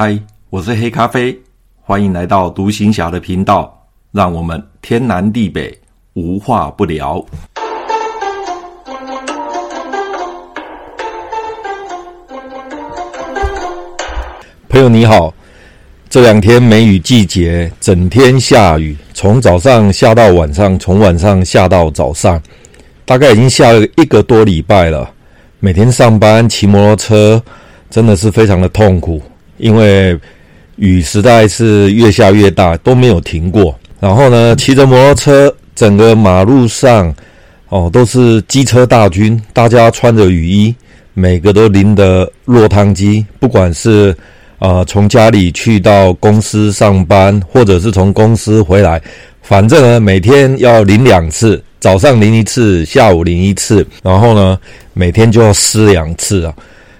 嗨，Hi, 我是黑咖啡，歡迎來到讀行俠的頻道，讓我們天南地北無話不聊。朋友你好，這兩天梅雨季節，整天下雨，從早上下到晚上，從晚上下到早上，大概已經下了一個多禮拜了。每天上班騎摩托車，真的是非常的痛苦。因為雨實在是越下越大，都沒有停過。然後呢，騎着摩托車，整個馬路上哦都是機車大軍，大家穿着雨衣，每個都淋得落湯雞。不管是啊、呃、從家裡去到公司上班，或者是從公司回來，反正呢每天要淋兩次，早上淋一次，下午淋一次，然後呢每天就要濕兩次啊。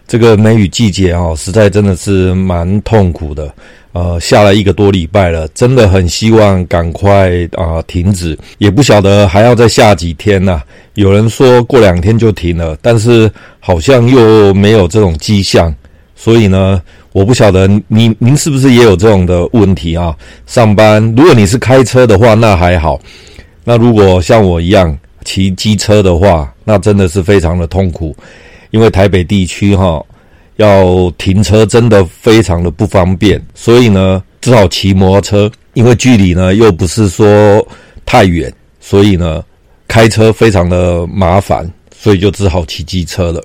這個梅雨季節啊、哦，實在真的是蠻痛苦的。呃，下了一個多禮拜了，真的很希望趕快啊、呃、停止。也不曉得還要再下幾天呢、啊。有人說過兩天就停了，但是好像又沒有這種跡象。所以呢，我不曉得您您是不是也有這種的問題啊？上班，如果你是開車的話，那還好；那如果像我一樣騎機車的話，那真的是非常的痛苦。因為台北地區哈、哦、要停車真的非常的不方便，所以呢只好騎摩托車。因為距離呢又不是說太遠，所以呢開車非常的麻煩，所以就只好騎機車了。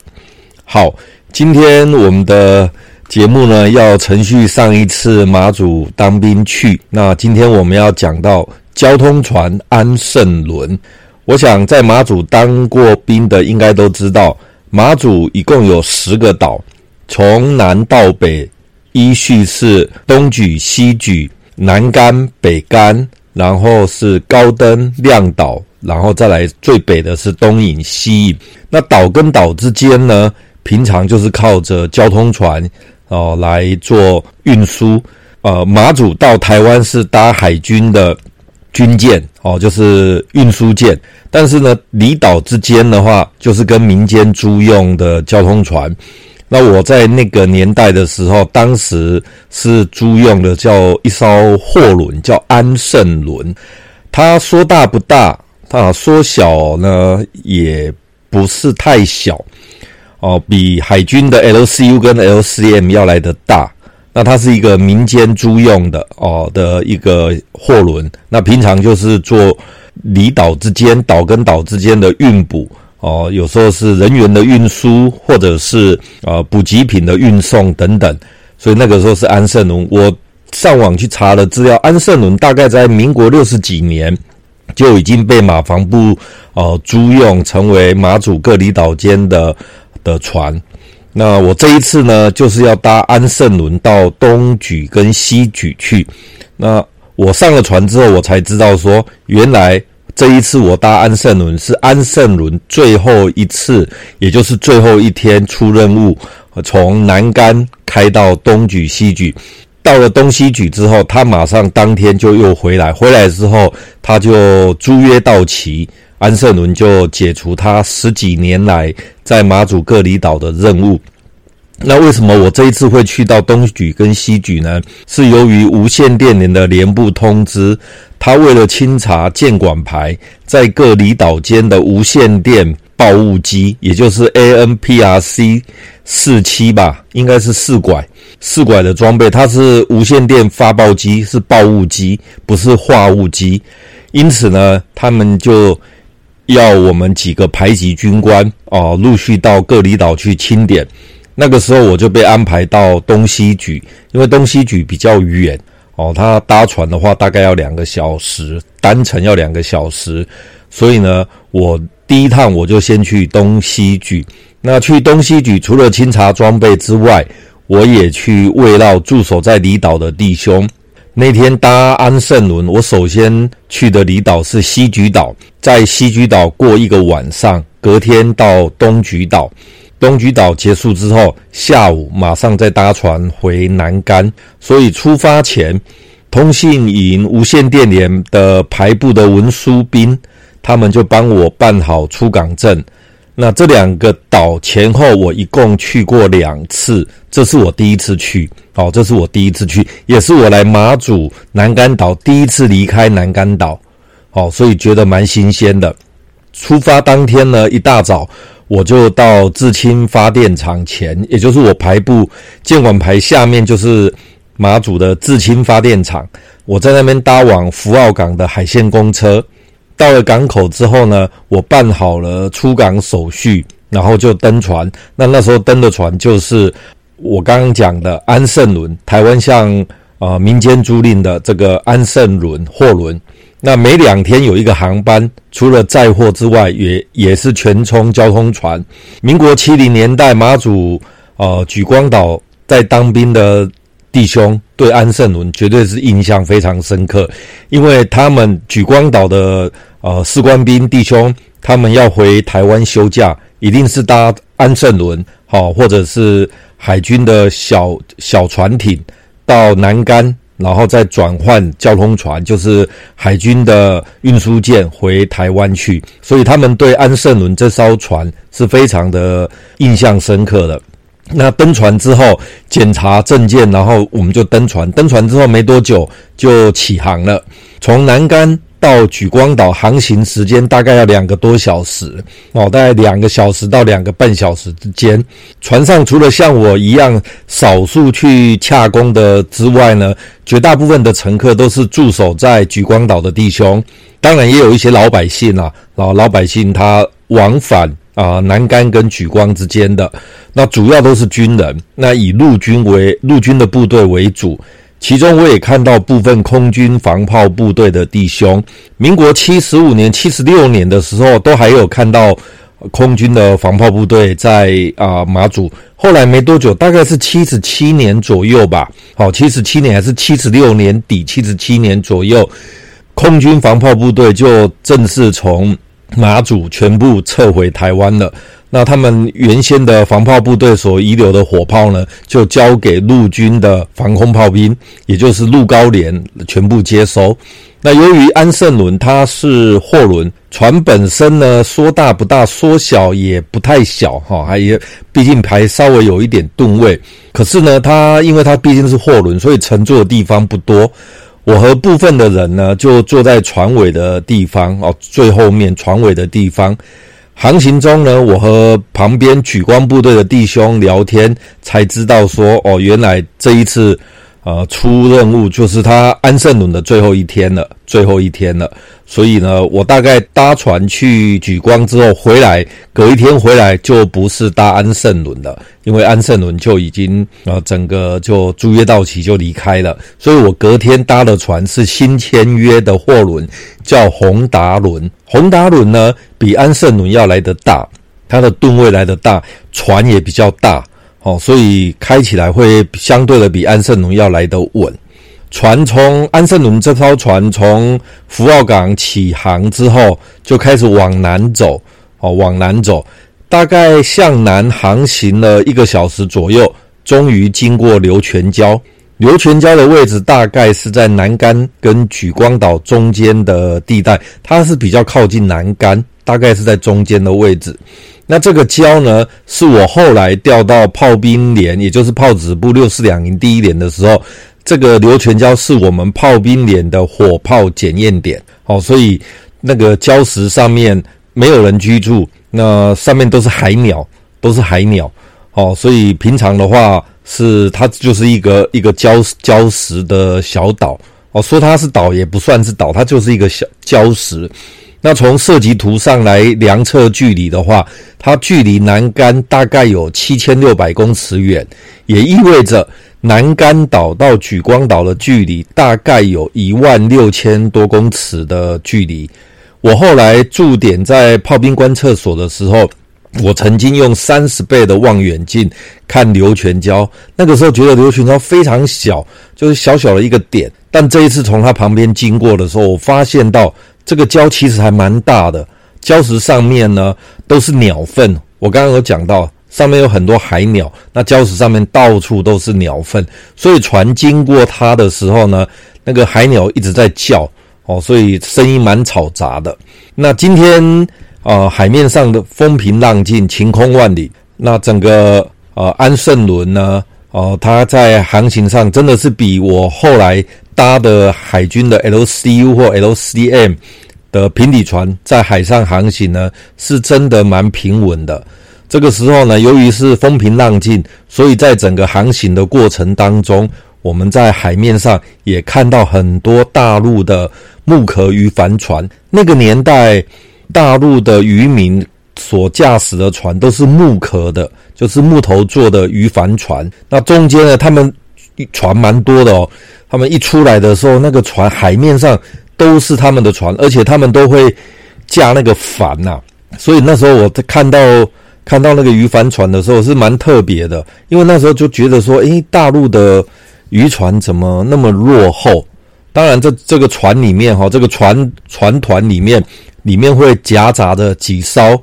好，今天我們的節目呢要承續上一次馬祖當兵趣，那今天我們要講到交通船安勝輪。我想在馬祖當過兵的應該都知道。馬祖一共有十個島，從南到北，依序是東莒、西莒，南竿、北竿，然後是高登、亮島，然後再來最北的是東引、西引。那島跟島之間呢，平常就是靠着交通船，哦、呃、來做運輸。呃，馬祖到台灣是搭海軍的。軍艦哦，就是運輸艦，但是呢，離島之間的話，就是跟民間租用的交通船。那我在那個年代的時候，當時是租用的，叫一艘貨輪，叫安勝輪。它說大不大，它說小呢，也不是太小。哦，比海軍的 LCU 跟 LCM 要來得大。那它是一個民間租用的哦的一個貨輪，那平常就是做離島之間、島跟島之間的運補哦，有時候是人員的運輸，或者是啊呃、補給品的運送等等。所以那個時候是安勝輪，我上網去查了資料，安勝輪大概在民國六十幾年就已經被馬防部哦、呃、租用，成為馬祖各離島間的的船。那我這一次呢，就是要搭安勝輪到東莒跟西莒去。那我上了船之後，我才知道說，原來這一次我搭安勝輪是安勝輪最後一次，也就是最後一天出任務，從南竿開到東莒西莒。到了東西莒之後，他馬上當天就又回來。回來之後，他就租約到期。安勝輪就解除他十幾年來在馬祖各離島的任務。那為什麼我這一次會去到東莒跟西莒呢？是由於無線電連的連部通知，他為了清查建管牌在各離島間的無線電報務機，也就是 A N P R C 四七吧，應該是四拐四拐的裝備，它是無線電發報機，是報務機，不是話務機。因此呢，他們就。要我們幾個排級軍官哦，陸續到各離島去清點。那個時候我就被安排到東西莒，因為東西莒比較遠哦，他搭船的話大概要兩個小時，單程要兩個小時。所以呢，我第一趟我就先去東西莒。那去東西莒，除了清查裝備之外，我也去慰勞駐守在離島的弟兄。那天搭安勝輪，我首先去的離島是西莒島，在西莒島過一個晚上，隔天到東莒島，東莒島結束之後，下午馬上再搭船回南竿，所以出發前，通信營無線電連的排部的文書兵，他們就幫我辦好出港證。那這兩個島前後，我一共去過兩次。這是我第一次去，哦，這是我第一次去，也是我來馬祖南竿島第一次離開南竿島，哦，所以覺得蠻新鮮的。出發當天呢，一大早我就到志清發電廠前，也就是我排布建管排下面，就是馬祖的志清發電廠。我在那邊搭往福澳港的海線公車。到了港口之後呢，我辦好了出港手續，然後就登船。那那時候登的船就是我剛剛講的安勝輪，台灣向啊、呃、民間租賃的這個安勝輪貨輪。那每兩天有一個航班，除了載貨之外，也也是權充交通船。民國七零年代，馬祖呃莒光島在當兵的。弟兄對安勝輪絕對是印象非常深刻，因為他們莒光島的呃士官兵弟兄，他們要回台灣休假，一定是搭安勝輪，好、哦，或者是海軍的小小船艇到南竿，然後再轉換交通船，就是海軍的運輸艦回台灣去，所以他們對安勝輪這艘船是非常的印象深刻的。那登船之後，檢查證件，然後我們就登船。登船之後沒多久就起航了，從南竿到莒光島航行時間大概要兩個多小時，哦，大概兩個小時到兩個半小時之間。船上除了像我一樣少數去洽公的之外呢，絕大部分的乘客都是駐守在莒光島的弟兄，當然也有一些老百姓啊，老老百姓他往返。啊、呃，南竿跟莒光之間的，那主要都是軍人，那以陸軍為陸軍的部隊為主，其中我也看到部分空軍防炮部隊的弟兄。民國七十五年、七十六年的時候，都還有看到空軍的防炮部隊在啊、呃、馬祖。後來沒多久，大概是七十七年左右吧，好、哦，七十七年還是七十六年底七十七年左右，空軍防炮部隊就正式從馬祖全部撤回台灣了，那他們原先的防炮部隊所遺留的火炮呢，就交給陸軍的防空炮兵，也就是陸高連全部接收。那由於安勝輪它是貨輪，船本身呢，說大不大，說小也不太小哈，還也畢竟還稍微有一點噸位，可是呢，它因為它畢竟是貨輪，所以乘坐的地方不多。我和部分的人呢，就坐在船尾的地方哦，最後面船尾的地方，航行中呢，我和旁邊莒光部隊的弟兄聊天，才知道說哦，原來這一次。呃，出任務就是他安勝輪的最後一天了，最後一天了。所以呢，我大概搭船去莒光之後回來，隔一天回來就不是搭安勝輪了，因為安勝輪就已經呃整個就租約到期就離開了。所以我隔天搭的船是新簽約的貨輪，叫宏達輪。宏達輪呢比安勝輪要來得大，它的噸位來得大，船也比較大。哦，所以開起來會相對的比安勝輪要來得穩。船從安勝輪這艘船從福澳港起航之後，就開始往南走。哦，往南走，大概向南航行了一個小時左右，終於經過瀏泉礁。瀏泉礁的位置大概是在南竿跟莒光島中間的地帶，它是比較靠近南竿，大概是在中間的位置。那這個礁呢，是我後來調到炮兵連，也就是炮子部六四兩營第一連的時候，這個瀏泉礁是我們炮兵連的火炮檢驗點。哦，所以那個礁石上面沒有人居住，那上面都是海鳥，都是海鳥。哦，所以平常的話是它就是一個一個礁礁石的小島。哦，說它是島也不算是島，它就是一個小礁石。那從設計圖上來量測距離的話，它距離南竿大概有七千六百公尺遠，也意味着南竿島到莒光島的距離大概有一萬六千多公尺的距離。我後來駐點在炮兵觀測所的時候，我曾經用三十倍的望遠鏡看瀏泉礁，那個時候覺得瀏泉礁非常小，就是小小的一個點。但這一次從它旁邊經過的時候，我發現到。這個礁其實還蠻大的，礁石上面呢，都是鳥糞。我剛剛有講到，上面有很多海鳥，那礁石上面到處都是鳥糞，所以船經過它的時候呢，那個海鳥一直在叫哦，所以聲音蠻吵雜的。那今天啊、呃，海面上的風平浪靜，晴空萬里，那整個呃安勝輪呢，哦，它在航行上真的是比我後來搭的海軍的 LCU 或 LCM 的平底船在海上航行呢，是真的蠻平穩的。這個時候呢，由於是風平浪靜，所以在整個航行的過程當中，我們在海面上也看到很多大陸的木殼魚帆船。那個年代，大陸的漁民，所駕駛的船都是木殼的，就是木頭做的漁帆船。那中間呢，他們船蠻多的哦。他們一出來的時候，那個船海面上都是他們的船，而且他們都會架那個帆吶、啊。所以那時候我看到看到那個漁帆船的時候是蠻特別的，因為那時候就覺得說，誒、欸，大陸的漁船怎麼那麼落後？當然這，這這個船裡面哈，這個船船團裡面裡面會夾雜着幾艘。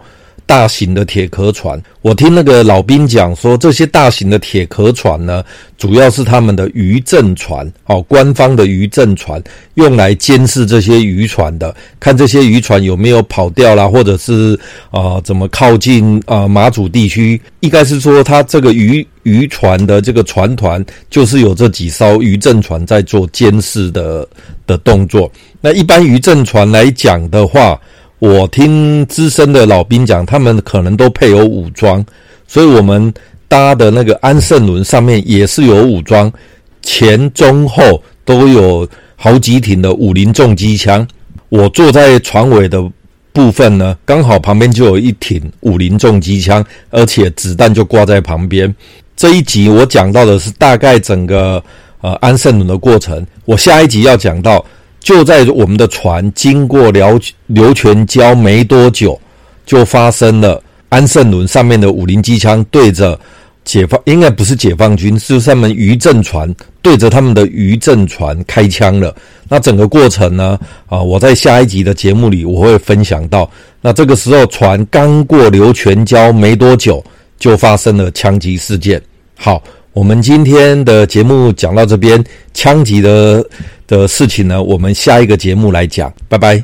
大型的鐵殼船，我聽那個老兵講說，這些大型的鐵殼船呢，主要是他們的漁政船哦，官方的漁政船用來監視這些漁船的，看這些漁船有沒有跑掉啦，或者是啊、呃、怎麼靠近啊、呃、馬祖地區。應該是說，他這個漁漁船的這個船團，就是有這幾艘漁政船在做監視的的動作。那一般漁政船來講的話，我聽資深的老兵講，他們可能都配有武裝，所以我們搭的那個安勝輪上面也是有武裝，前、中、後都有好幾挺的五零重機槍。我坐在船尾的部分呢，剛好旁邊就有一挺五零重機槍，而且子彈就掛在旁邊。這一集我講到的是大概整個呃安勝輪的過程，我下一集要講到。就在我們的船經過了瀏泉礁沒多久，就發生了安勝輪上面的五零機槍對着解放，應該不是解放軍，是他們漁政船對着他們的漁政船開槍了。那整個過程呢？啊，我在下一集的節目裡我會分享到。那這個時候船剛過瀏泉礁沒多久，就發生了槍擊事件。好，我們今天的節目講到這邊，槍擊的的事情呢，我們下一個節目來講，拜拜。